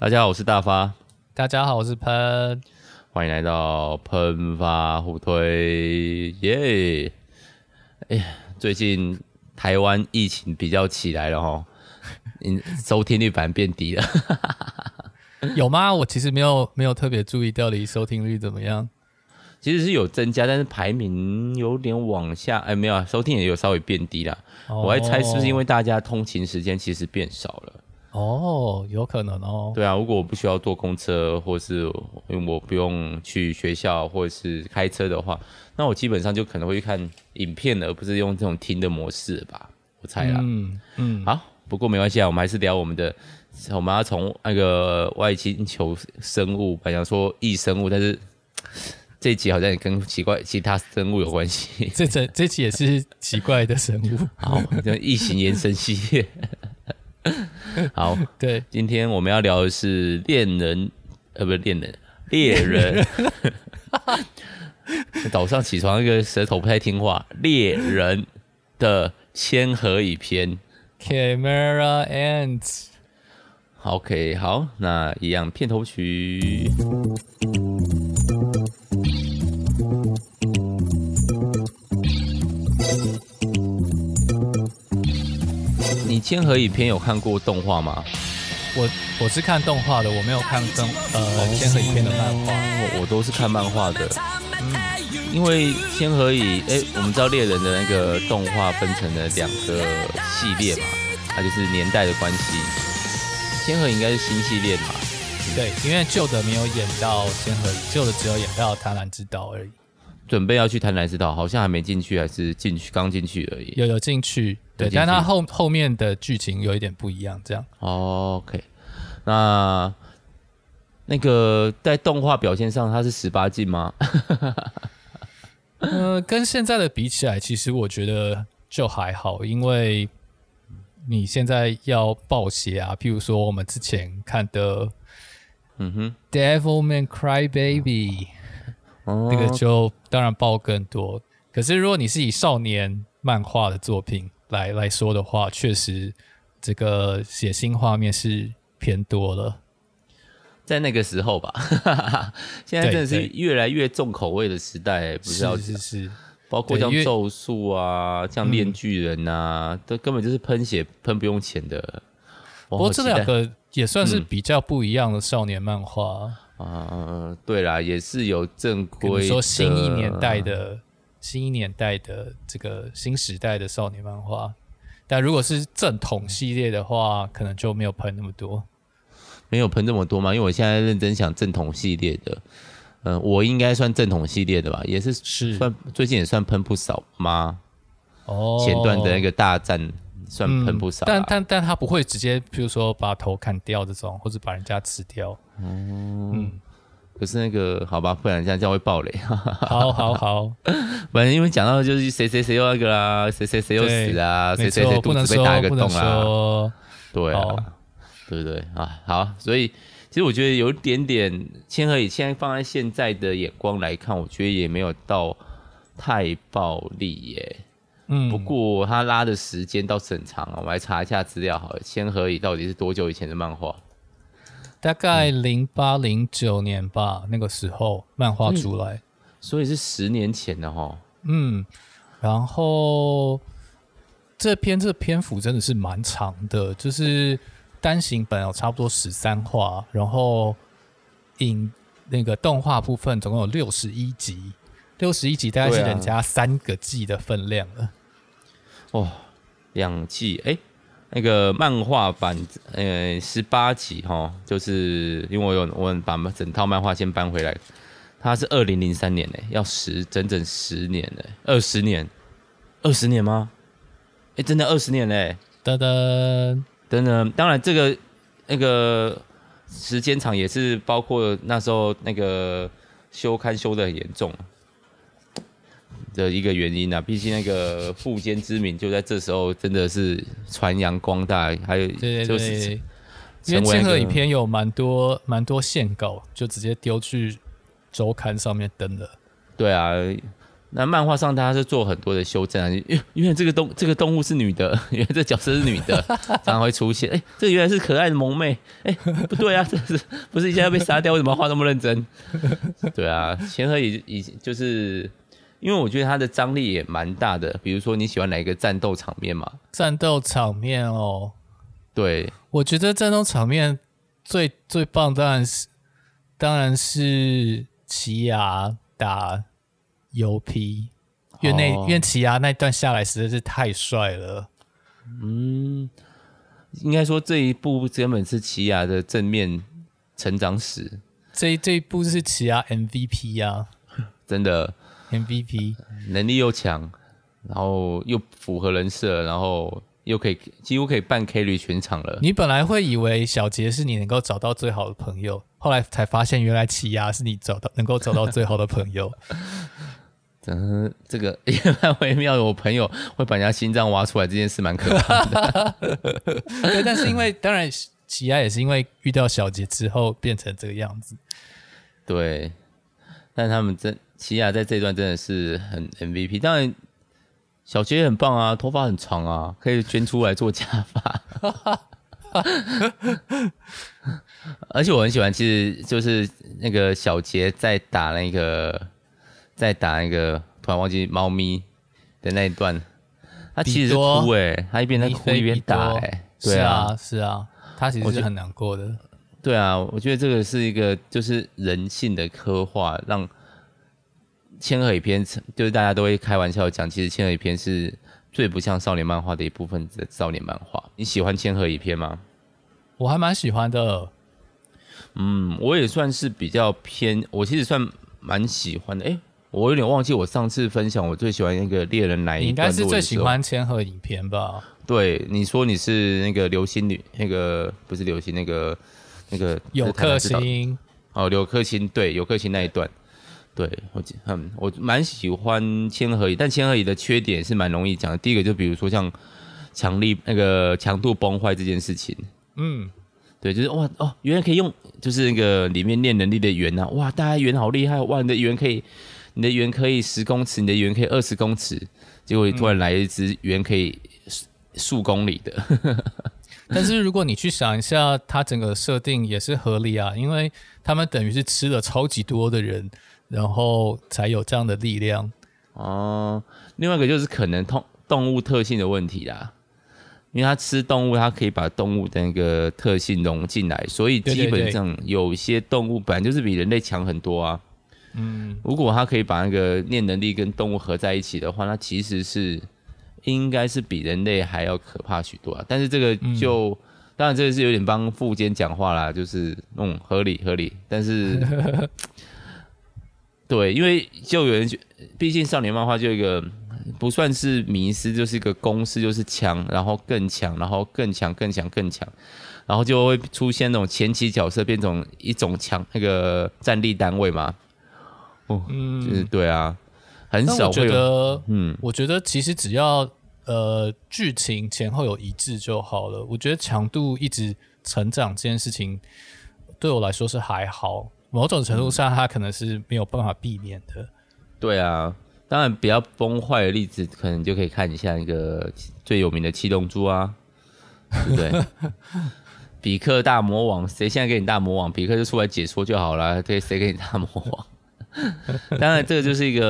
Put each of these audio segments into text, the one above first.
大家好，我是大發。大家好，我是噴。歡迎來到噴發互推，耶、yeah!！哎呀，最近台灣疫情比較起來了哦，嗯， 收聽率反而變低了。 有嗎？我其實沒有沒有特別注意到底收聽率怎麼樣。其實是有增加，但是排名有點往下。哎，沒有啊，收聽也有稍微變低啦。Oh. 我還猜是不是因為大家通勤時間其實變少了。哦，有可能哦。對啊，如果我不需要坐公車，或是因為我不用去學校，或者是開車的話，那我基本上就可能會去看影片了，而不是用這種聽的模式吧？我猜啦。嗯嗯。嗯好，不過沒關係啊，我們還是聊我們的。我們要從那個外星球生物，好像說異生物，但是這一集好像也跟奇怪其他生物有關係。這這這一集也是奇怪的生物。好，叫異形延伸系列。 好，對，今天我們要聊的是戀人，呃，不，不是戀人，獵人。早 上起床，一個舌頭不太聽話。獵人的嵌合蟻篇，Chimera Ant，OK，okay, 好，那一樣片頭曲。嵌合蟻篇有看過動畫嗎？我我是看動畫的，我沒有看動呃嵌合蟻篇的漫畫，我我都是看漫畫的。嗯，因為嵌合蟻誒、欸，我們知道獵人的那個動畫分成了兩個系列嘛，它、啊、就是年代的關係。嵌合蟻應該是新系列嘛？嗯、對，因為舊的沒有演到嵌合蟻，舊的只有演到貪婪之島而已。準備要去貪婪之島，好像還沒進去，還是進去剛進去而已。有，有進去，對，但他後後面的劇情有一點不一樣，這樣。哦、oh，OK，那那個在動畫表現上，它是十八禁嗎？ 呃跟現在的比起來，其實我覺得就還好，因為你現在要暴血啊，譬如說我們之前看的，Man Cry Baby 嗯哼，Devilman Crybaby。哦、那個就當然包更多，可是如果你是以少年漫畫的作品來來說的話，確實這個血腥畫面是偏多了，在那個時候吧哈哈哈哈，現在真的是越來越重口味的時代，不知道是不是是是是，包括像咒術啊、像鏈鋸人吶、啊，嗯、都根本就是噴血噴不用錢的。不過這兩個也算是比較不一樣的少年漫畫。嗯啊，對啦，也是有正規的，說新一年代的新一年代的這個新時代的少年漫畫，但如果是正統系列的話，可能就沒有噴那麼多，沒有噴這麼多嗎？因為我現在認真想正統系列的，嗯、呃，我應該算正統系列的吧？也是算是算最近也算噴不少嗎？哦，前段的那個大戰。算噴不少、啊嗯，但但但他不會直接，譬如說把頭砍掉這種，或者把人家吃掉。嗯，嗯，可是那個好吧，不然這樣這樣會暴雷。好好好，反正因為講到就是誰誰誰又那個啦、啊，誰誰誰又死啊，誰誰誰肚子被打一個洞啊，對啊，好對不對，對啊？好，所以其實我覺得有一點點，千和以前放在現在的眼光來看，我覺得也沒有到太暴力耶。嗯，不過他拉的時間倒是很長，嗯、我們來查一下資料好了，嵌合蟻到底是多久以前的漫畫？大概零八零九年吧，嗯，那個時候漫畫出來，所以是十年前的哈。嗯，然後這篇這個篇幅真的是蠻長的，就是單行本有差不多十三話，然後影那個動畫部分總共有六十一集，六十一集大概是人家三個季的分量了。哇，兩、哦、季哎、欸，那個漫畫版，呃、欸，十八集哈，就是因為我有我把整套漫畫先搬回來，它是二零零三年嘞，要十整整十年呢，二十年，二十年嗎？哎、欸，真的二十年嘞，噔噔噔噔，當然這個那個時間長也是包括那時候那個休刊休的很嚴重。的一個原因啊，畢竟那個冨奸之名就在這時候真的是傳揚光大，還有就是因為嵌合蟻篇有蠻多蠻多線稿，就直接丟去周刊上面登了。對啊，那漫畫上他是做很多的修正啊，因為因為這個動這個動物是女的，因為這角色是女的，常常會出現哎、欸，這原來是可愛的萌妹，哎、欸、不對啊，這是不是一下要被殺掉？為什麼畫那麼認真？對啊，嵌合蟻已已就是。因為我覺得他的張力也蠻大的，比如說你喜歡哪一個戰鬥場面嘛？戰鬥場面哦，對，我覺得戰鬥場面最最棒當然是當然是奇犽打 U P，因為那因為、哦、奇犽那一段下來實在是太帥了。嗯，應該說這一部原本是奇犽的正面成長史。這這一部是奇犽 M V P 呀、啊，真的。MVP 能力又強，然後又符合人設，然後又可以幾乎可以半 K 率全場了。你本來會以為小杰是你能夠找到最好的朋友，後來才發現原來奇犽是你找到能夠找到最好的朋友。是 這個也蠻微妙的。我朋友會把人家心臟挖出來這件事蠻可怕的。 對，但是因為當然奇犽也是因為遇到小杰之後變成這個樣子。對，但他們真。奇犽，啊，在這一段真的是很 MVP，當然小杰也很棒啊，頭髮很長啊，可以捐出來做假髮。 而且我很喜歡，其實就是那個小杰在打那個，在打那個突然忘記貓咪的那一段，他其實是哭誒、欸，他一邊在哭一邊打哎、欸，對啊，啊，是啊，他其實是很難過的。對啊，我覺得這個是一個就是人性的刻畫，讓嵌合蟻篇，就是大家都會開玩笑講，其實嵌合蟻篇是最不像少年漫畫的一部分的少年漫畫。你喜歡嵌合蟻篇嗎？我還蠻喜歡的。嗯，我也算是比較偏，我其實算蠻喜歡的。誒，我有點忘記我上次分享我最喜歡那個獵人哪一段，你應該是最喜歡嵌合蟻篇吧？對，你說你是那個流星街，那個不是流星，那個那個友克鑫哦友克鑫，對，友克鑫那一段。對，我很我蠻喜歡嵌合蟻，但嵌合蟻的缺點是蠻容易講的。第一個就比如說像強力那個強度崩壞這件事情，嗯，對，就是哇哦，原來可以用，就是那個裡面念能力的圓吶、啊，哇，大家圓好厲害，哇，你的圓可以，你的圓可以十公尺，你的圓可以二十公尺，結果突然來一隻圓可以數公里的。嗯、 但是如果你去想一下，它整個設定也是合理啊，因為他們等於是吃了超級多的人。然後才有這樣的力量哦、呃。另外一個就是可能動動物特性的問題啦，因為他吃動物，他可以把動物的那個特性融進來，所以基本上有些動物本來就是比人類強很多啊。嗯，如果他可以把那個念能力跟動物合在一起的話，那其實是應該是比人類還要可怕許多啊。但是這個就、嗯、當然這是有點幫冨樫講話啦，就是嗯合理合理，但是。 對，因為就有人覺得畢竟少年漫畫就一個不算是迷思，就是一個公式，就是強，然後更強，然後更強，更強，更強，然後就會出現那種前期角色變成一種強那個戰力單位嘛。哦，嗯、就是，對啊，嗯、很少。我覺得，嗯，我覺得其實只要呃劇情前後有一致就好了。我覺得強度一直成長這件事情，對我來說是還好。某種程度上，它可能是沒有辦法避免的。嗯、對啊，當然比較崩壞的例子，可能就可以看你像一,一個最有名的七龍珠啊，對不對？ 比克大魔王，誰現在給你大魔王？比克就出來解說就好了。對，誰給你大魔王？ 當然，這個就是一個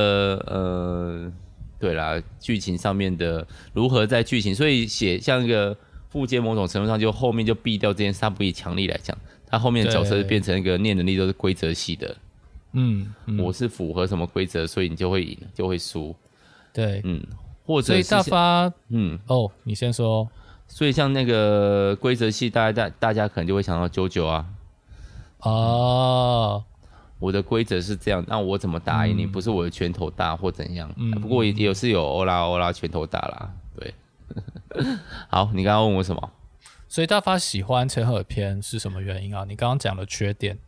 呃，對啦，劇情上面的如何在劇情，所以寫像一個副線，某種程度上就後面就避掉這件事，不以強力來講。他後面的角色變成一個念能力都是規則系的，嗯，我是符合什麼規則，所以你就會贏就會輸，對，嗯，或者是所以大發，嗯，哦，你先說，所以像那個規則系，大家大大家可能就會想到 JoJo 啊，哦、啊，我的規則是這樣，那我怎麼打贏你？嗯、不是我的拳頭大或怎樣，嗯嗯啊、不過也也是有歐拉歐拉拳頭大啦，對， 好，你剛剛問我什麼？所以大發喜歡嵌合蟻篇是什麼原因啊？你剛剛講的缺點，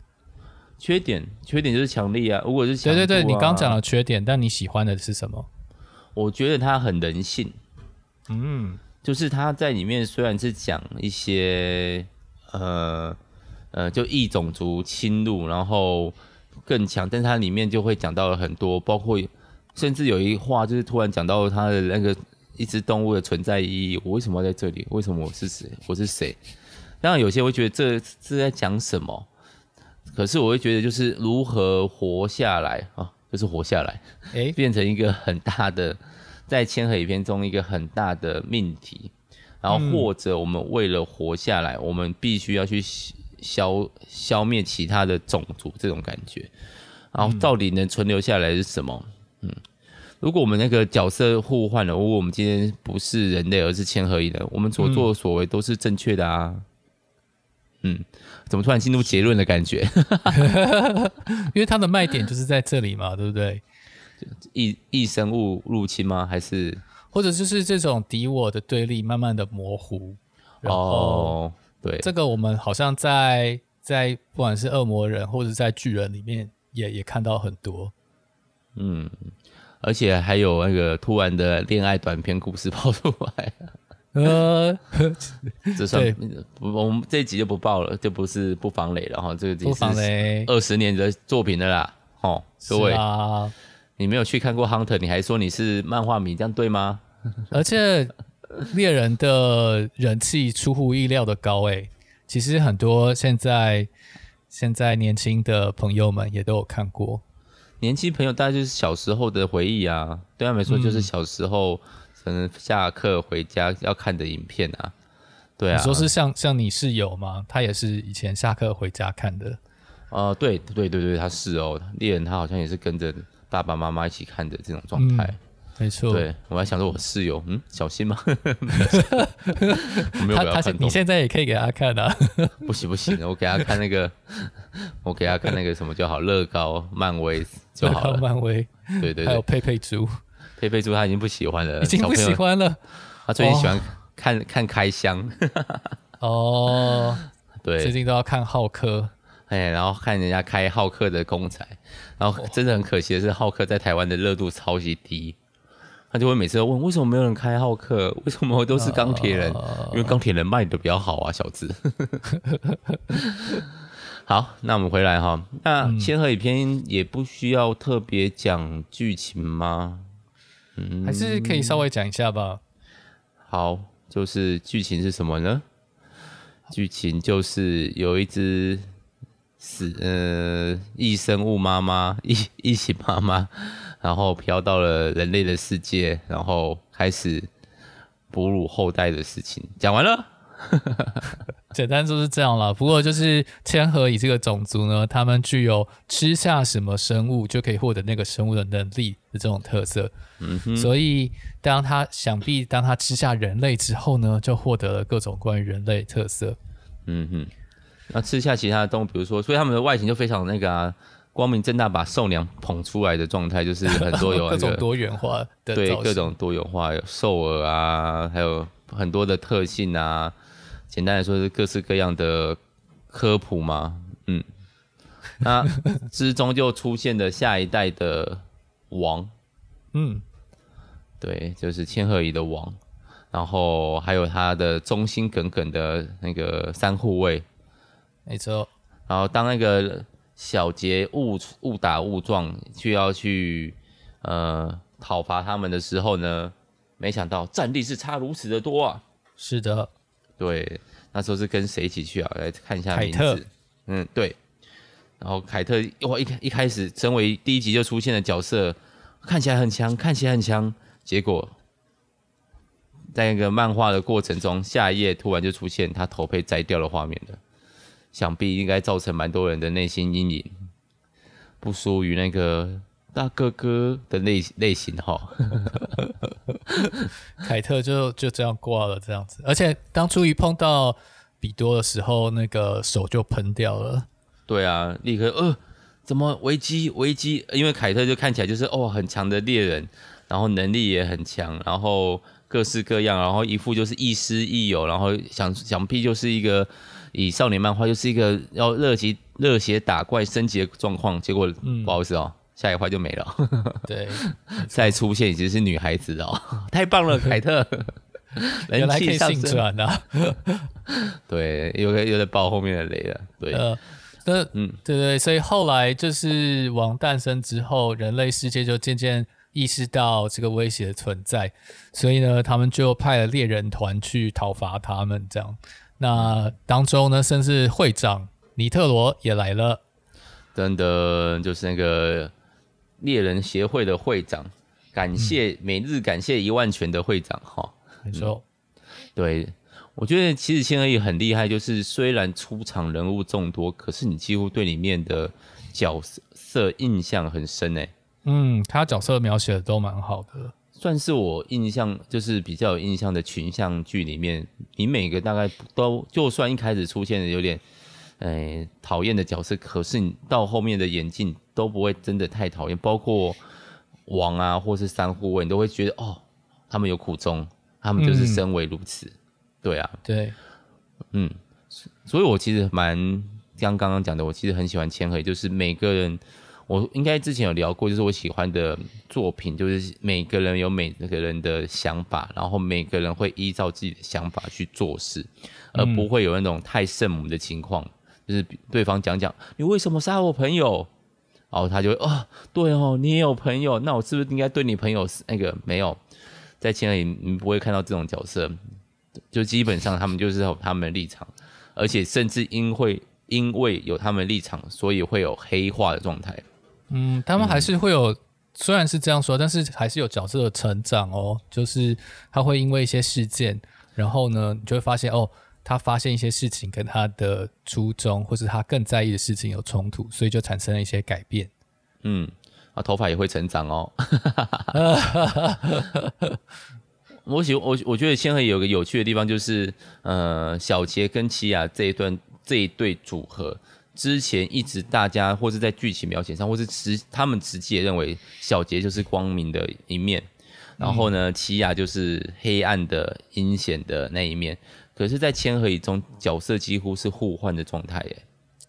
缺點，缺點缺點就是強力啊。如果是，啊、對對對，你剛講的缺點，啊，但你喜歡的是什麼？我覺得他很人性，嗯，就是他在裡面雖然是講一些呃呃就異種族侵入，然後更強，但他裡面就會講到了很多，包括甚至有一話就是突然講到他的那個。一隻動物的存在意義，我為什麼要在這裡？為什麼我是誰？我是誰？那有些會覺得這是在講什麼？可是我會覺得就是如何活下來啊，就是活下來，欸、變成一個很大的，在嵌合蟻篇中一個很大的命題。然後或者我們為了活下來，嗯、我們必須要去消消滅其他的種族，這種感覺。然後到底能存留下來是什麼？嗯。如果我們那個角色互換了，如果我們今天不是人類，而是嵌合蟻的，我們所作所為都是正確的啊。嗯、嗯，怎麼突然進入結論的感覺？ 因為它的賣點就是在這裡嘛，對不對？異異生物入侵嗎？還是或者就是這種敵我的對立，慢慢的模糊。然後、哦、對，這個我們好像在在不管是惡魔人，或者在巨人裡面也，也也看到很多。嗯。而且還有那個突然的戀愛短篇故事爆出來，呃，這算我們這一集就不爆了，這不是不防雷了哈，這個不防雷，二十年的作品了啦，哦，各位，你沒有去看過《Hunter》，你還說你是漫畫迷，這樣對嗎？而且獵人的人氣出乎意料的高，哎，其實很多現在現在年輕的朋友們也都有看過。年輕朋友大概就是小時候的回憶啊。對啊沒錯，就是小時候可能下課回家要看的影片啊，對啊。你說是像像你室友嗎？他也是以前下課回家看的。啊、呃，對對對對，他是哦，獵人他好像也是跟着爸爸媽媽一起看的這種狀態。嗯沒錯，對，我還想說我室友，嗯，小心嗎？ 沒有他他，你現在也可以給他看啊！ 不行不行，我給他看那個，我給他看那個什麼就好，樂高漫威就好了。漫威，對對對，還有佩佩豬，佩佩豬他已經不喜歡了，已經不喜歡了。他最近喜歡看、哦、看開箱。哈哈哈。哦，對，最近都要看浩克，哎，然後看人家開浩克的公仔，然後真的很可惜的是，浩克、哦、在台灣的熱度超級低。他就會每次都問，為什麼沒有人開浩克？為什麼都是鋼鐵人？Uh、因為鋼鐵人賣的比較好啊，小子。 好，那我們回來哈。那嵌合蟻篇也不需要特別講劇情嗎？嗯，嗯還是可以稍微講一下吧。好，就是劇情是什麼呢？劇好情就是有一只死呃異生物媽媽，異異形媽媽。然後飄到了人類的世界，然後開始哺乳後代的事情，講完了。 簡單就是這樣了。不過就是嵌合蟻這個種族呢，他們具有吃下什麼生物就可以獲得那個生物的能力的這種特色。嗯哼。所以當他想必當他吃下人類之後呢，就獲得了各種關於人類特色。嗯哼。那吃下其他的動物，比如說，所以他們的外形就非常那個啊。光明正大把獸娘捧出來的狀態，就是很多有、那個、各種多元化的對各種多元化有獸耳啊，還有很多的特性啊。簡單來說是各式各樣的科普嘛，嗯。那 之中就出現了下一代的王，嗯，對，就是嵌合蟻的王，然後還有他的忠心耿耿的那個三護衛，沒錯錯。然後當那個。小杰誤誤打誤撞，就要去呃討伐他們的時候呢，沒想到戰力是差如此的多啊！是的，對，那時候是跟誰一起去啊？來看一下名字，凱特。嗯，對。然後凱特一哇，一開一開始身為第一集就出現的角色，看起來很強，看起來很強，結果在那個漫畫的過程中，下一頁突然就出現他頭被摘掉的畫面的。想必應該造成蠻多人的內心陰影，不輸於那個大哥哥的類類型吼。凱特就就這樣掛了，這樣子。而且當初一碰到彼多的時候，那個手就噴掉了。對啊，立刻呃，怎麼危機危機？因為凱特就看起來就是哦很強的獵人，然後能力也很強，然後各式各樣，然後一副就是亦師亦友，然後想想必就是一個。以少年漫畫又是一個要熱血熱血打怪升級的狀況，結果不好意思哦、喔，嗯、下一話就沒了。對，呵呵錯再出現已經是女孩子哦、喔，太棒了，凱 特 人氣上轉吶。啊、 對，有點有點爆後面的雷了。對，呃、那、嗯、對，對對，所以後來就是王誕生之後，人類世界就漸漸意識到這個威脅的存在，所以呢，他們就派了獵人團去討伐他們，這樣。那當中呢，甚至會長尼特羅也來了，等等就是那個獵人協會的會長，感謝、嗯、每日感謝一萬拳的會長哈。你、哦、說錯、嗯，對我覺得其實千而已很厲害，就是雖然出場人物眾多，可是你幾乎對裡面的角色印象很深呢。嗯，他角色描寫的都蠻好的。算是我印象，就是比較有印象的群像劇裡面，你每個大概都，就算一開始出現的有點，哎，討厭的角色，可是你到後面的演進都不會真的太討厭，包括王啊，或是三護衛，你都會覺得哦，他們有苦衷，他們就是身為如此，嗯、對啊，對，嗯，所以，我其實蠻像剛剛講的，我其實很喜歡謙和，就是每個人。我應該之前有聊過，就是我喜歡的作品，就是每個人有每個人的想法，然後每個人會依照自己的想法去做事，而不會有那種太聖母的情況，嗯、就是對方講講你為什麼殺我朋友，然後他就會哦對哦，你也有朋友，那我是不是應該對你朋友那個沒有？在《獵人》你不會看到這種角色，就基本上他們就是有他們的立場，而且甚至因為因為有他們的立場，所以會有黑化的狀態。嗯，他們還是會有，嗯、雖然是這樣說，但是還是有角色的成長哦。就是他會因為一些事件，然後呢，你就會發現哦，他發現一些事情跟他的初衷或是他更在意的事情有衝突，所以就產生了一些改變。嗯，啊，頭髮也會成長哦。 我喜我我覺得《千和》有個有趣的地方就是，呃，小杰跟奇犽這一段這一對組合。之前一直大家或是在劇情描寫上，或是直他們直接認為小杰就是光明的一面，然後呢，嗯、奇犽就是黑暗的陰險的那一面。可是，在嵌合蟻中，角色幾乎是互換的狀態耶。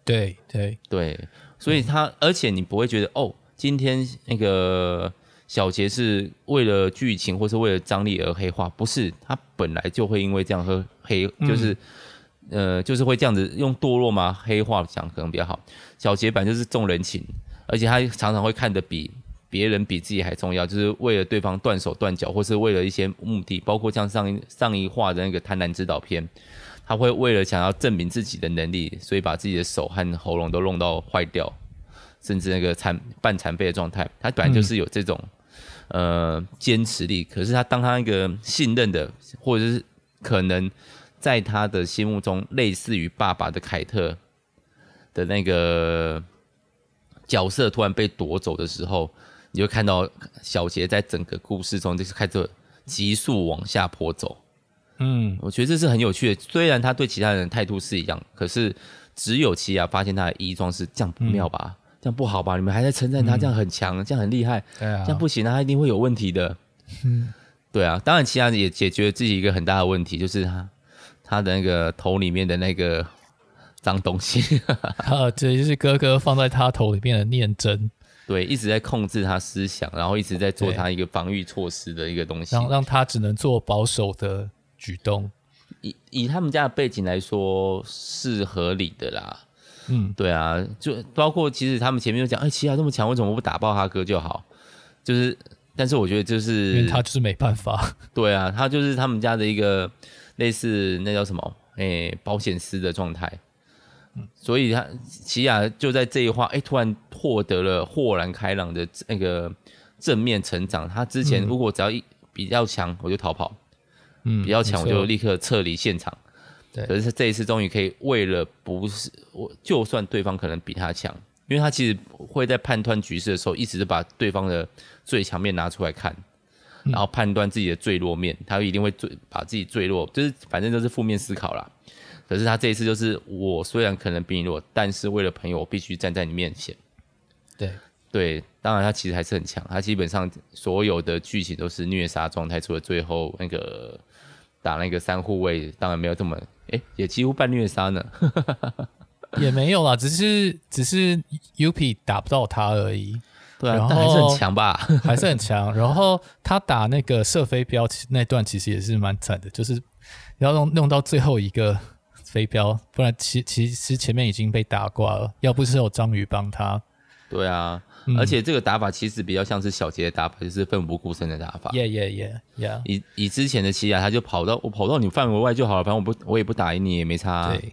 對對對，所以他，嗯、而且你不會覺得哦，今天那個小杰是為了劇情或是為了張力而黑化，不是他本來就會因為這樣和黑就是。嗯呃，就是會這樣子用墮落嗎？黑話講可能比較好。小傑本就是重人情，而且他常常會看得比別人比自己還重要，就是為了對方斷手斷腳，或是為了一些目的。包括像上一上一話的那個貪婪之島篇，他會為了想要證明自己的能力，所以把自己的手和喉嚨都弄到壞掉，甚至那個殘半殘廢的狀態。他本來就是有這種、嗯、呃堅持力，可是他當他一個信任的或者是可能。在他的心目中，類似於爸爸的凱特的那個角色突然被奪走的時候，你就看到小杰在整個故事中就是開始急速往下坡走。嗯，我覺得這是很有趣的。雖然他對其他人的態度是一樣，可是只有奇犽發現他的異狀是這樣不妙吧？嗯、這樣不好吧？你們還在稱讚他，嗯、這樣很強，這樣很厲害，啊、這樣不行、啊、他一定會有問題的。是對啊，當然奇犽也解決了自己一個很大的問題，就是他。他的那個頭裡面的那個髒東西， 啊，這就是哥哥放在他頭裡面的念針，對，一直在控制他思想，然後一直在做他一個防禦措施的一個東西，讓，讓他只能做保守的舉動。以以他們家的背景來說是合理的啦，嗯，對啊，就包括其實他們前面就講，哎，奇犽這麼強，為什麼我不打爆他哥就好？就是，但是我覺得就是，他就是沒辦法。對啊，他就是他們家的一個。類似那叫什麼？誒、欸，保險絲的狀態。所以他奇犽就在這一話，哎、欸，突然獲得了豁然開朗的那個正面成長。他之前如果只要一、嗯、比較強，我就逃跑。嗯，比較強我就立刻撤離現場。對、嗯，可是這一次終於可以為了不是我，就算對方可能比他強，因為他其實會在判斷局勢的時候，一直把對方的最強面拿出來看。然後判斷自己的墜落面，他一定會墜，把自己墜落，就是反正就是負面思考啦。可是他這一次就是，我雖然可能比你弱，但是為了朋友，我必須站在你面前。對對，當然他其實還是很強，他基本上所有的劇情都是虐殺狀態，除了最後那個打那個三護衛，當然沒有這麼，誒，也幾乎半虐殺呢。 也沒有啦，只是只是 UP 打不到他而已。對，但還是很強吧，還是很強。然後他打那個射飛鏢，那段其實也是蠻慘的，就是要弄弄到最後一個飛鏢，不然其其實前面已經被打掛了。要不是有章魚幫他，對啊。嗯、而且這個打法其實比較像是小杰的打法，就是奮不顧身的打法。Yeah yeah yeah, yeah. 以以之前的奇犽，他就跑到我跑到你範圍外就好了，反正我不我也不打贏你也沒差、啊對，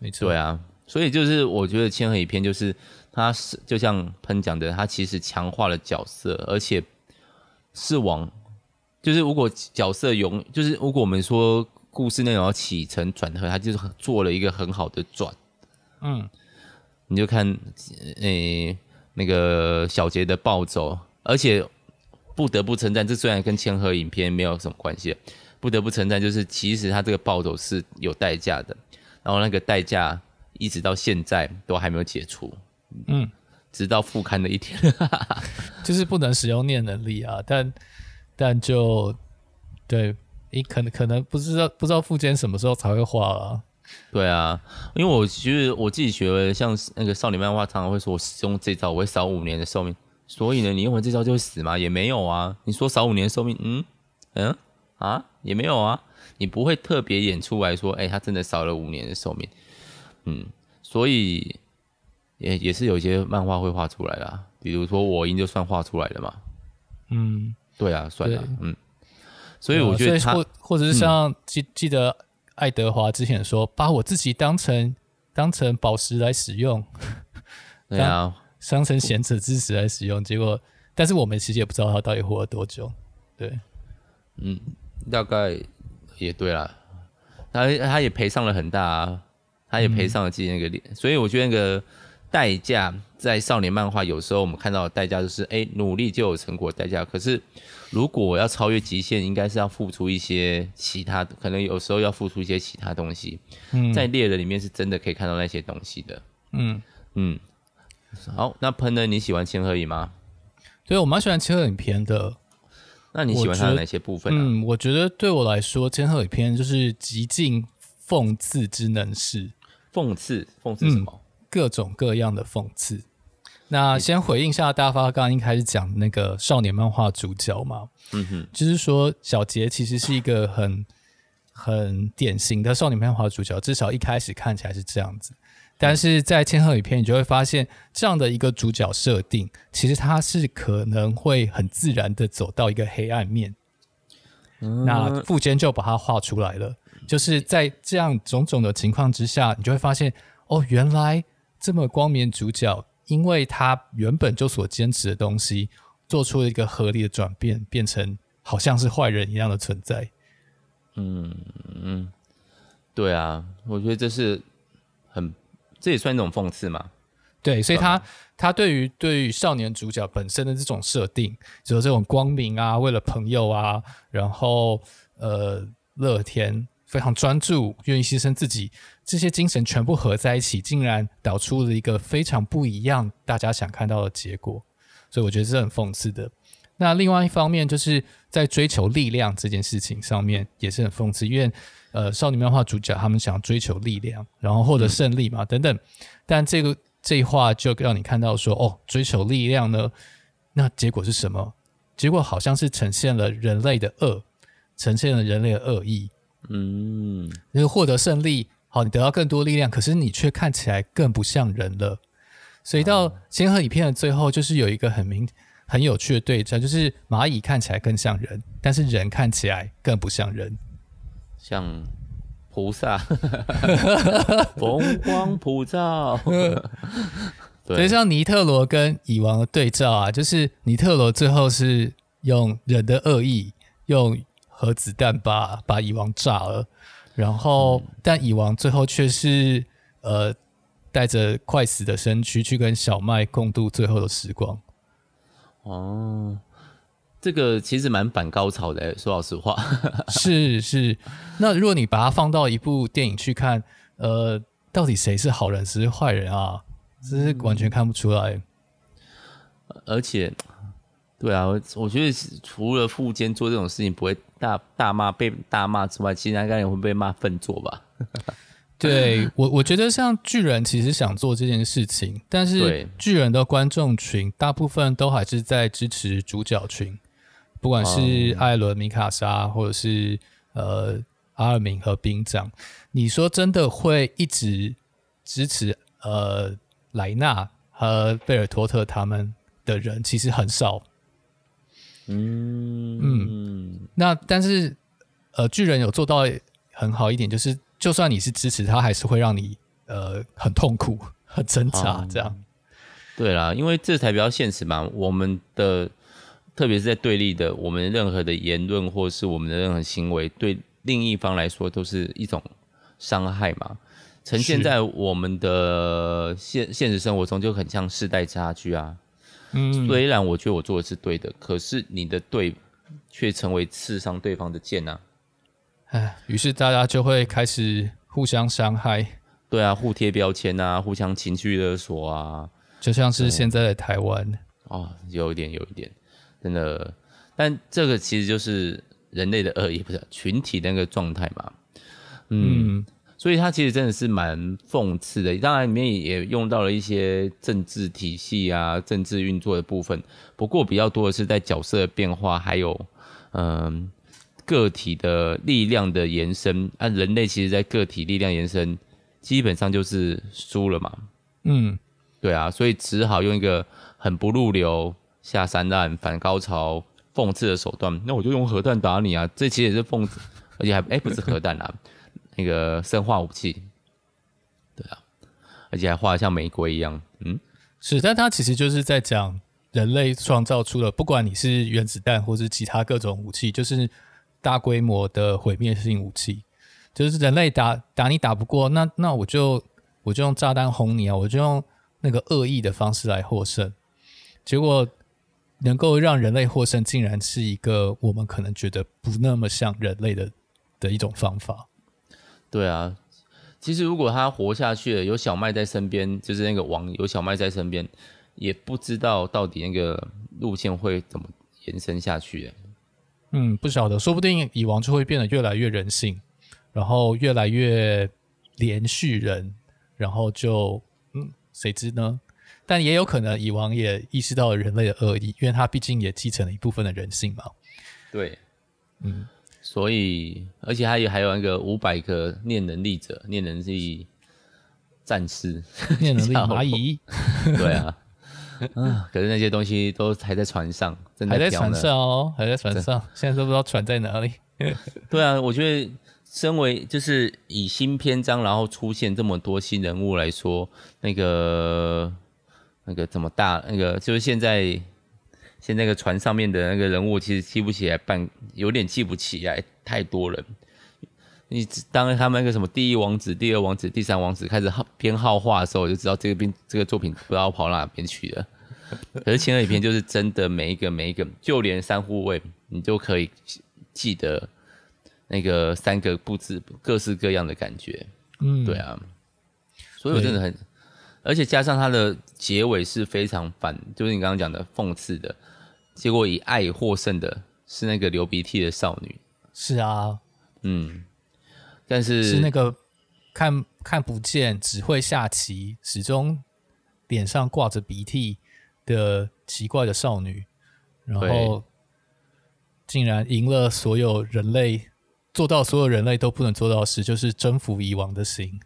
沒錯。對啊，所以就是我覺得嵌合蟻篇就是。他是就像噴講的，他其實強化了角色，而且是往就是如果角色永就是如果我們說故事內容要起承轉合，他就是做了一個很好的轉，嗯，你就看誒、欸、那個小杰的暴走，而且不得不稱讚，這雖然跟嵌合蟻篇沒有什麼關係，不得不稱讚就是其實他這個暴走是有代價的，然後那個代價一直到現在都還沒有解除。嗯，直到復刊的一天，哈哈哈，就是不能使用念能力啊。但但就對，你可能可能不知道不知道冨樫什麼時候才會畫了啊。對啊，因為我其實我自己學，像那個少年漫畫，常常會說我使用這招我會少五年的壽命。所以呢，你用了這招就會死嗎？也沒有啊。你說少五年的壽命，嗯嗯啊也沒有啊。你不會特別演出來說，哎，他真的少了五年的壽命。嗯，所以。也也是有一些漫畫會畫出來的，啊，比如說我英就算畫出來的嘛，嗯，對啊，算了，啊，對嗯，所以我覺得、呃、或或者是像記、嗯、記得愛德華之前說，把我自己當成當成寶石來使用，對啊，當成賢者之石來使用，結果，但是我們其實也不知道他到底活了多久，對，嗯，大概也對啦。他他也賠上了很大，啊，他也賠上了自己那個臉，嗯，所以我覺得那個。代價在少年漫畫，有時候我們看到的代價就是，哎、欸，努力就有成果代。代價可是，如果我要超越極限，應該是要付出一些其他，可能有時候要付出一些其他東西。嗯，在獵人裡面是真的可以看到那些東西的。嗯嗯，好，那噴呢？你喜歡嵌合蟻嗎？對我蠻喜歡嵌合蟻篇的。那你喜歡他的哪些部分、啊？嗯，我覺得對我來說，嵌合蟻篇就是極盡諷刺之能事。諷刺，諷刺什麼？嗯各種各樣的諷刺。那先回應一下大發剛剛一開始講那個少年漫畫主角嘛，嗯哼，就是說小杰其實是一個很很典型的少年漫畫主角，至少一開始看起來是這樣子。但是在嵌合蟻篇，你就會發現這樣的一個主角設定，其實他是可能會很自然的走到一個黑暗面。嗯、那冨樫就把它畫出來了，就是在這樣種種的情況之下，你就會發現哦，原來。這麼光明主角，因為他原本就所堅持的東西，做出了一個合理的轉變，變成好像是壞人一樣的存在。嗯嗯，對啊，我覺得這是很，這也算一種諷刺嘛。對，所以他、嗯、他對於對於少年主角本身的這種設定，就是、這種光明啊，為了朋友啊，然後呃，樂天，非常專注，願意犧牲自己。這些精神全部合在一起，竟然導出了一個非常不一樣大家想看到的結果，所以我覺得是很諷刺的。那另外一方面，就是在追求力量這件事情上面也是很諷刺，因為呃，少女漫畫主角他們想追求力量，然後獲得勝利嘛、嗯、等等，但這個這一話就讓你看到說哦，追求力量呢，那結果是什麼？結果好像是呈現了人類的惡，呈現了人類的惡意。嗯，那個獲得勝利。好，你得到更多力量，可是你卻看起來更不像人了。所以到《嵌合蟻篇》的最後，就是有一個很明、很有趣的對仗，就是螞蟻看起來更像人，但是人看起來更不像人，像菩薩，佛 光普照。 對，像尼特羅跟蟻王的對照啊，就是尼特羅最後是用人的惡意，用核子彈把把蟻王炸了。然後，但蟻王最後卻是呃，帶着快死的身軀去跟小麥共度最後的時光。哦，這個其實蠻反高潮的，說老實話。 是是，那如果你把它放到一部電影去看，呃，到底誰是好人，誰是壞人啊？這是完全看不出來，嗯、而且。對啊我，我覺得除了富堅做這種事情不會大大罵被大罵之外，其他應該也會被罵糞作吧？ 對是我，我覺得像巨人其實想做這件事情，但是巨人的觀眾群大部分都還是在支持主角群，不管是艾倫、米卡莎，或者是呃阿爾明和兵長。你說真的會一直支持呃萊納和貝爾托特他們的人，其實很少。嗯嗯，那但是呃，巨人有做到很好一點，就是就算你是支持他，還是會讓你呃很痛苦、很掙扎、嗯、這樣。對啦，因為這才比較現實嘛。我們的特別是在對立的，我們任何的言論或是我們的任何行為，對另一方來說都是一種傷害嘛。呈現在我們的現是現實生活中，就很像世代差距啊。雖然我覺得我做的是對的，嗯、可是你的對卻成為刺傷對方的劍吶、啊，哎，於是大家就會開始互相傷害。對啊，互貼標籤啊，互相情緒勒索啊，就像是現在的台灣、嗯、哦，有一點，有一點，真的。但這個其實就是人類的惡意，不是、啊、群體的那個狀態嘛？嗯。嗯所以它其實真的是蠻諷刺的，當然裡面也用到了一些政治體系啊、政治運作的部分，不過比較多的是在角色的變化，還有嗯個體的力量的延伸。啊，人類其實在個體力量延伸基本上就是輸了嘛，嗯，對啊，所以只好用一個很不入流、下三濫、反高潮、諷刺的手段。那我就用核彈打你啊！這其實也是諷刺， 而且還誒不是核彈啊。 那個生化武器，對啊，而且還畫的像玫瑰一樣，嗯，是，但他其實就是在講人類創造出了不管你是原子彈或是其他各種武器，就是大規模的毀滅性武器，就是人類打打你打不過，那那我就我就用炸彈轟你啊，我就用那個惡意的方式來獲勝，結果能夠讓人類獲勝，竟然是一個我們可能覺得不那麼像人類的的一種方法。對啊，其實如果他活下去了，有小麥在身邊，就是那個王，有小麥在身邊，也不知道到底那個路線會怎麼延伸下去。嗯，不曉得，說不定蟻王就會變得越來越人性，然後越來越連續人，然後就，嗯，誰知呢？但也有可能蟻王也意識到了人類的惡意，因為他畢竟也繼承了一部分的人性嘛。對，嗯。所以，而且還有還有一個五百個念能力者，念能力戰士，念能力螞蟻， 對啊， 啊，可是那些東西都還在船上，在還在船上哦，還在船上，這現在都不知道船在哪裡。 對啊，我覺得身為就是以新篇章，然後出現這麼多新人物來說，那個那個怎麼大，那個就是現在。現在那個船上面的那個人物，其實記不起來，半有點記不起來，太多人。你當他們那個什麼第一王子、第二王子、第三王子開始編號化的時候，我就知道這個編這個作品不知道跑哪邊去了。可是前兩篇就是真的每一個每一個，就連三護衛你就可以記得那個三個佈置各式各樣的感覺。嗯，對啊，所以我真的很，對而且加上它的結尾是非常反，就是你剛剛講的諷刺的。結果以愛獲勝的是那個流鼻涕的少女。是啊，嗯，但是是那個看看不見、只會下棋、始終臉上掛着鼻涕的奇怪的少女，然後對竟然贏了所有人類，做到所有人類都不能做到的事，就是征服蟻王的心。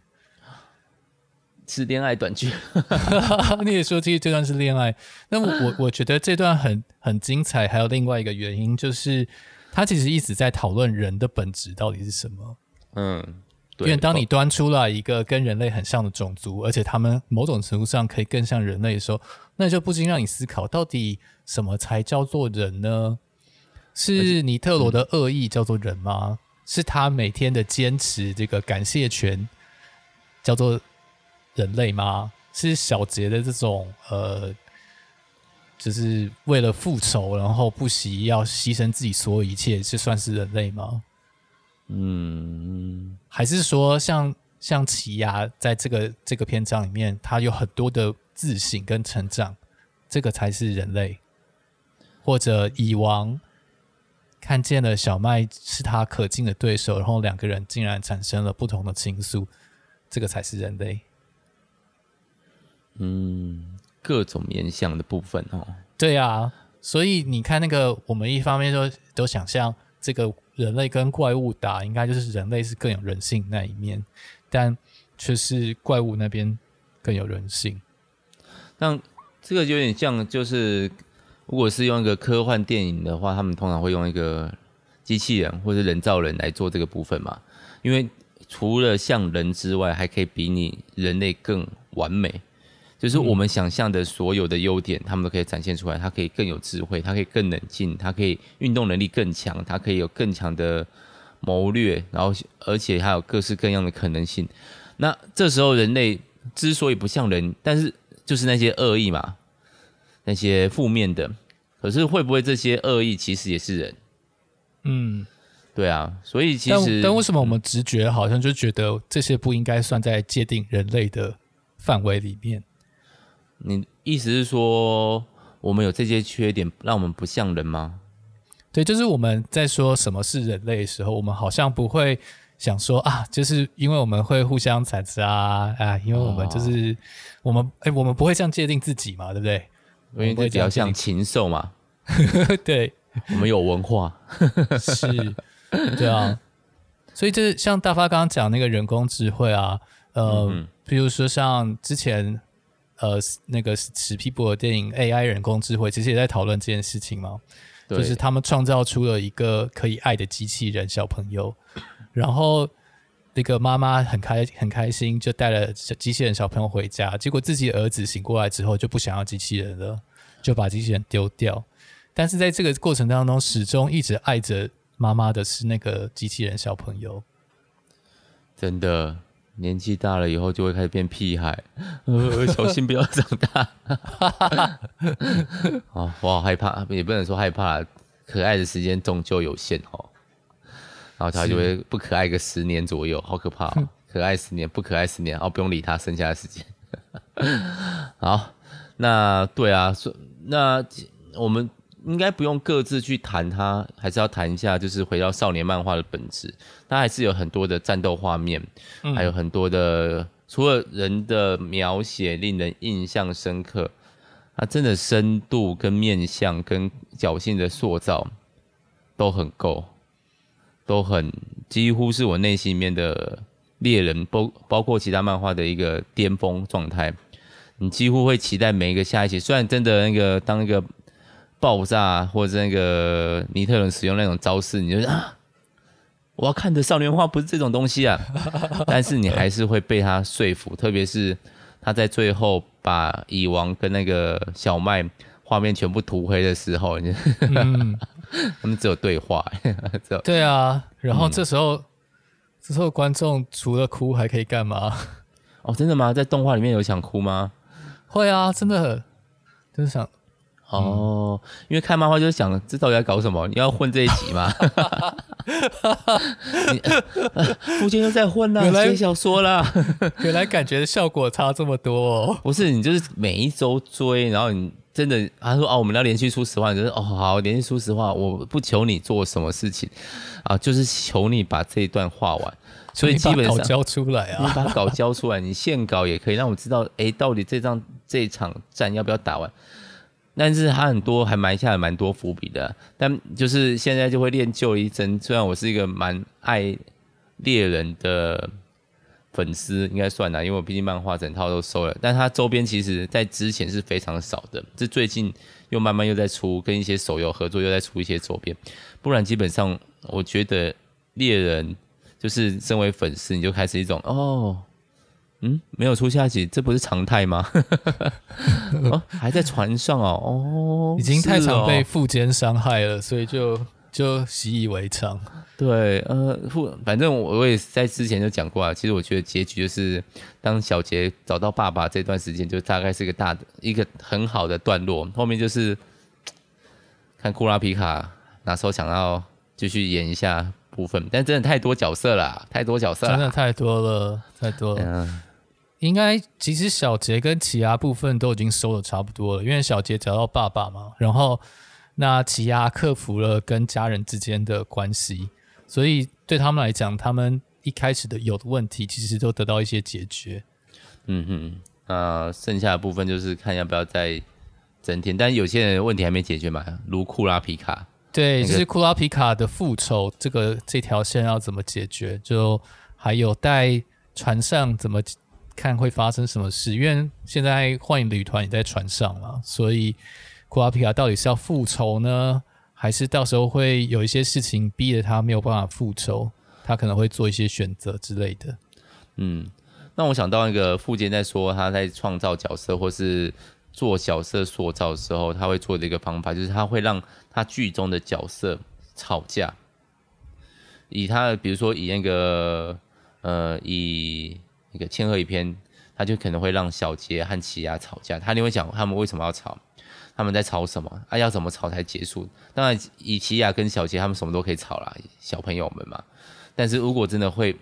是戀愛短劇， 你也說這這段是戀愛。那我我覺得這段很很精彩。還有另外一個原因就是，他其實一直在討論人的本質到底是什麼。嗯，對，因為當你端出了一個跟人類很像的種族，而且他們某種程度上可以更像人類的時候，那就不禁讓你思考，到底什麼才叫做人呢？是尼特羅的惡意叫做人嗎？嗯、是他每天的堅持這個感謝拳叫做人類嗎？是小杰的這種呃，就是為了復仇，然後不惜要犧牲自己所有一切，是算是人類嗎？嗯，還是說像像奇犽在這個這個篇章裡面，他有很多的自省跟成長，這個才是人類？或者蟻王看見了小麥是他可敬的對手，然後兩個人竟然產生了不同的情愫，這個才是人類？嗯，各種面相的部分哦。對啊，所以你看那個，我們一方面說都，都想象這個人類跟怪物打，啊，應該就是人類是更有人性那一面，但卻是怪物那邊更有人性。那這個有點像，就是如果是用一個科幻電影的話，他們通常會用一個機器人或者人造人來做這個部分嘛，因為除了像人之外，還可以比你人類更完美。就是我們想象的所有的優點，嗯、他們都可以展現出來。他可以更有智慧，他可以更冷靜，他可以運動能力更強，他可以有更強的謀略，然後而且還有各式各樣的可能性。那這時候人類之所以不像人，但是就是那些惡意嘛，那些負面的。可是會不會這些惡意其實也是人？嗯，對啊。所以其實但，但為什麼我們直覺好像就覺得這些不應該算在界定人類的範圍裡面？你意思是說，我們有這些缺點，讓我們不像人嗎？對，就是我們在說什麼是人類的時候，我們好像不會想說啊，就是因為我們會互相殘殺啊，啊因為我們就是、哦、我們，哎、欸，我們不會這樣界定自己嘛，對不對？因為比較像禽獸嘛。 對， 我們有文化。 是，對啊。所以，就是像大發剛剛講那個人工智慧啊，呃、嗯哼，比如說像之前。呃，那個史匹柏的電影 AI 人工智慧其實也在討論這件事情嘛，對就是他們創造出了一個可以愛的機器人小朋友，然後那個媽媽很開很開心，就帶了機器人小朋友回家，結果自己兒子醒過來之後就不想要機器人了，就把機器人丟掉，但是在這個過程當中始終一直愛着媽媽的是那個機器人小朋友，真的。年紀大了以後就會開始變屁孩，呃，小心不要長大。啊， 我好害怕，也不能說害怕，可愛的時間終究有限哦。然後他就會不可愛個十年左右，好可怕，哦！是可愛十年，不可愛十年，哦，不用理他，剩下的時間。 好，那對啊，那我們。應該不用各自去談它，它還是要談一下，就是回到少年漫畫的本質。它還是有很多的戰鬥畫面，還有很多的，除了人的描寫令人印象深刻，它真的深度跟面相跟角色的塑造都很夠，都很，幾乎是我內心裡面的獵人，包包括其他漫畫的一個巔峰狀態。你幾乎會期待每一個下一期，雖然真的那個當一、那個。爆炸或者那個尼特倫使用那種招式，你就說啊，我要看的少年畫不是這種東西啊！但是你還是會被他說服， 特別是他在最後把蟻王跟那個小麥畫面全部塗黑的時候，你就，嗯、 他們只有對話，對啊。然後這時候，嗯、這時候觀眾除了哭還可以幹嘛？哦，真的嗎？在動畫裡面有想哭嗎？會啊，真的，真、就是、想。哦，嗯、因為看漫畫就是想，知道要搞什麼？你要混這一集嗎？最近又在混了、啊。寫來小說啦。 原來感覺效果差這麼多、哦。不是，你就是每一周追，然後你真的，他說啊、哦，我們要連續出十話，你就是哦，好，連續出十話，我不求你做什麼事情啊，就是求你把這一段畫完。所以基本上把稿交出來啊，你把稿交出來，你線稿也可以，讓我知道哎，到底這場這場戰要不要打完。但是他很多還埋下了蠻多伏筆的，但就是現在就會練舊一針。雖然我是一個蠻愛獵人的粉絲，應該算啦，因為我畢竟漫畫整套都收了。但他周邊其實，在之前是非常少的，這最近又慢慢又在出，跟一些手遊合作又在出一些周邊。不然基本上，我覺得獵人就是身為粉絲，你就開始一種哦。嗯，沒有出下集，這不是常態嗎？ 哦，還在船上哦，哦，已經太常被冨奸傷害了，哦、所以就就習以為常。對，呃，反正我我也在之前就講過啊。其實我覺得結局就是當小杰找到爸爸這段時間，就大概是一個大的一個很好的段落，後面就是看庫拉皮卡哪時候想要繼續演一下部分，但真的太多角色了，太多角色啦，真的太多了，太多了。嗯應該其實小傑跟奇犽部分都已經收的差不多了，因為小傑找到爸爸嘛，然後那奇犽克服了跟家人之間的關係，所以對他們來講，他們一開始的有的問題其實都得到一些解決。嗯嗯，呃，剩下的部分就是看要不要再增添，但有些人問題還沒解決嘛，如庫拉皮卡。對，那個、就是庫拉皮卡的復仇這個這條線要怎麼解決？就還有帶船上怎麼。看會發生什麼事，因為現在幻影旅團也在船上嘛，所以庫拉皮卡到底是要復仇呢，還是到時候會有一些事情逼得他沒有辦法復仇，他可能會做一些選擇之類的。嗯，那我想到一個冨奸在說他在創造角色或是做角色塑造的時候，他會做的一個方法，就是他會讓他劇中的角色吵架，以他比如說以那個呃以。那個嵌合蟻篇，他就可能會讓小傑和奇犽吵架。他就會講他們為什麼要吵，他們在吵什麼，啊要怎麼吵才結束。當然，以奇犽跟小傑他們什麼都可以吵啦，小朋友們嘛。但是如果真的會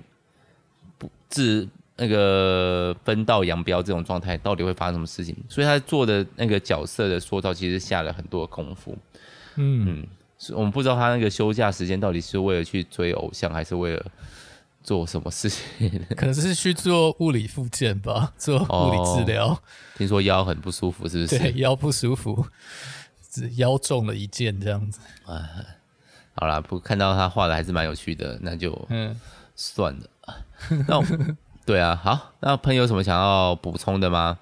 不自那個分道揚鑣這種狀態，到底會發生什麼事情？所以他做的那個角色的塑造，其實下了很多的功夫。嗯嗯，所以我們不知道他那個休假時間到底是為了去追偶像，還是為了。做什麼事情？可能是去做物理復健吧，做物理治療。哦，聽說腰很不舒服，是不是？對，腰不舒服，只腰中了一箭這樣子。啊，嗯，好啦，不看到他畫的還是蠻有趣的，那就嗯算了。嗯，那我們，對啊，好，那朋友有什麼想要補充的嗎？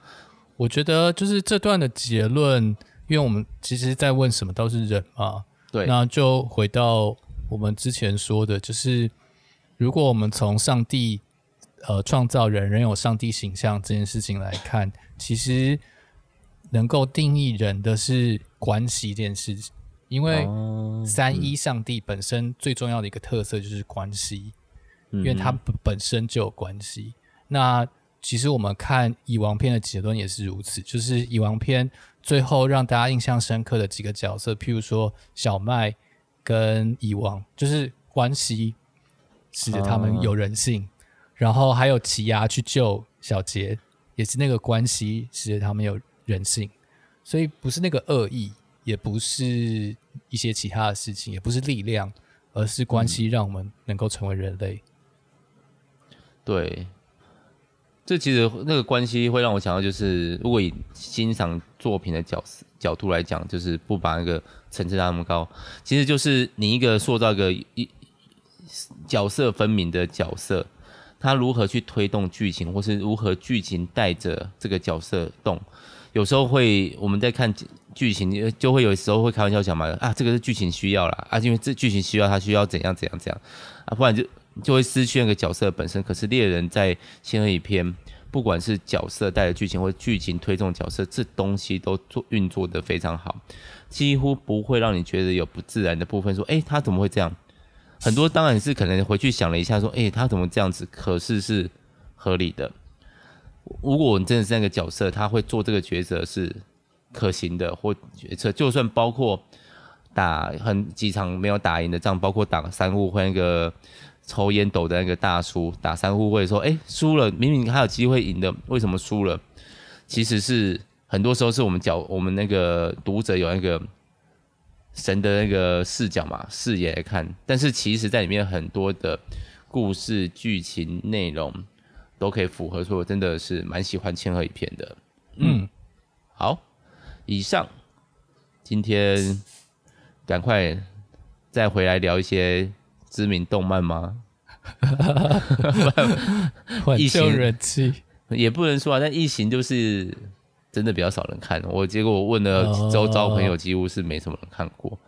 我覺得就是這段的結論，因為我們其實在問什麼都是人嘛。對，那就回到我們之前說的，就是。如果我們從上帝，呃，創造人人有上帝形象這件事情來看，其實能夠定義人的是關係這件事情，因為三一上帝本身最重要的一個特色就是關係，因為它本身就有關係。嗯、哼那其實我們看《以王篇》的結論也是如此，就是《以王篇》最後讓大家印象深刻的幾個角色，譬如說小麥跟以王，就是關係，使得他們有人性，嗯、然後還有奇犽去救小杰，也是那個關係使得他們有人性，所以不是那個惡意，也不是一些其他的事情，也不是力量，而是關係讓我們能夠成為人類。嗯、對，這其實那個關係會讓我想到，就是如果以欣賞作品的角角度來講，就是不把那個層次拉那麼高，其實就是你一個塑造一個一。角色分明的角色，他如何去推動劇情，或是如何劇情帶着這個角色動？有時候會，我們在看劇情，就會有時候會開玩笑講嘛，啊，這個是劇情需要啦，啊，因為這劇情需要他需要怎樣怎樣怎樣，啊，不然就就會失去那個角色本身。可是獵人在嵌合蟻篇，不管是角色帶着劇情，或劇情推動角色，這東西都做運作得非常好，幾乎不會讓你覺得有不自然的部分，說，誒，他怎麼會這樣？很多當然是可能回去想了一下，說：“哎，他怎麼這樣子？可是是合理的。如果我們真的是那個角色，他會做這個抉擇是可行的，或決策。就算包括打很幾場沒有打贏的仗，包括打三戶或那個抽菸斗的那個大叔打三戶會，或者說哎輸了，明明還有機會贏的，為什麼輸了？其實是很多時候是我們角，我們那個讀者有那個。”神的那個視角嘛，視野來看，但是其實在裡面很多的故事劇情內容都可以符合，說我真的是蠻喜歡嵌合蟻篇的。嗯，好，以上今天趕快再回來聊一些知名動漫嗎？哈哈異形人氣 也不能說啊，但異形就是。真的比較少人看，我結果我問了周遭朋友幾乎是沒什麼人看過，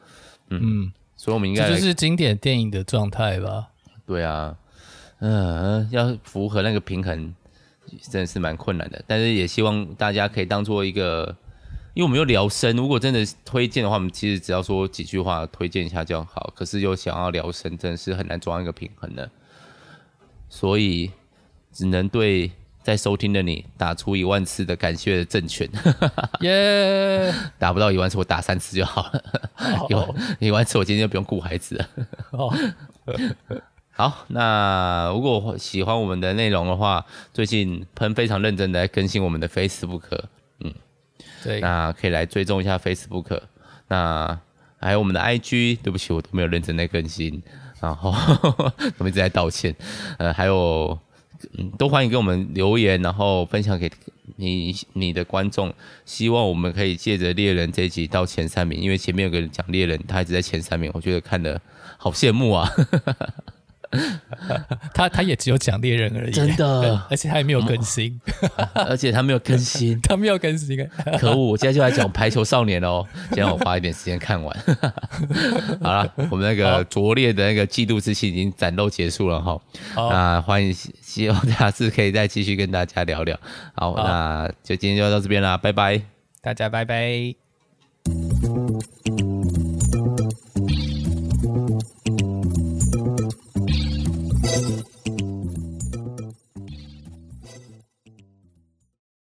嗯，嗯，所以我們應該就是經典電影的狀態吧？對啊，嗯、呃，要符合那個平衡，真的是蠻困難的。但是也希望大家可以當做一個，因為我們又聊深。如果真的推薦的話，我們其實只要說幾句話推薦一下就好。可是又想要聊深，真的是很難抓一個平衡的，所以只能對。在收聽的你打出一萬次的感謝的正確，哈耶！ 打不到一萬次，我打三次就好了。有 一,一萬次，我今天就不用顧孩子了。好， 好。那如果喜歡我們的內容的話，最近噴非常認真的在更新我們的 Facebook，嗯，對，那可以來追蹤一下 Facebook。那還有我們的 IG，對不起，我都沒有認真在更新，然後 我們一直在道歉。呃，還有。嗯，都歡迎給我們留言，然後分享給你你的觀眾。希望我們可以借着獵人這一集到前三名，因為前面有個人講獵人，他一直在前三名，我覺得看得好羨慕啊。 他他也只有講獵人而已，欸，真的，而且他也沒有更新， 啊，而且他沒有更新，他沒有更新，欸，可惡！我現在就來講排球少年哦，今天 我花一點時間看完， 好了，我們那個拙劣的那個季度之氣已經展露結束了哈，那、oh. 啊、歡迎，希望大家是可以再繼續跟大家聊聊，好，oh. 那就今天就到這邊啦，拜拜，大家拜拜。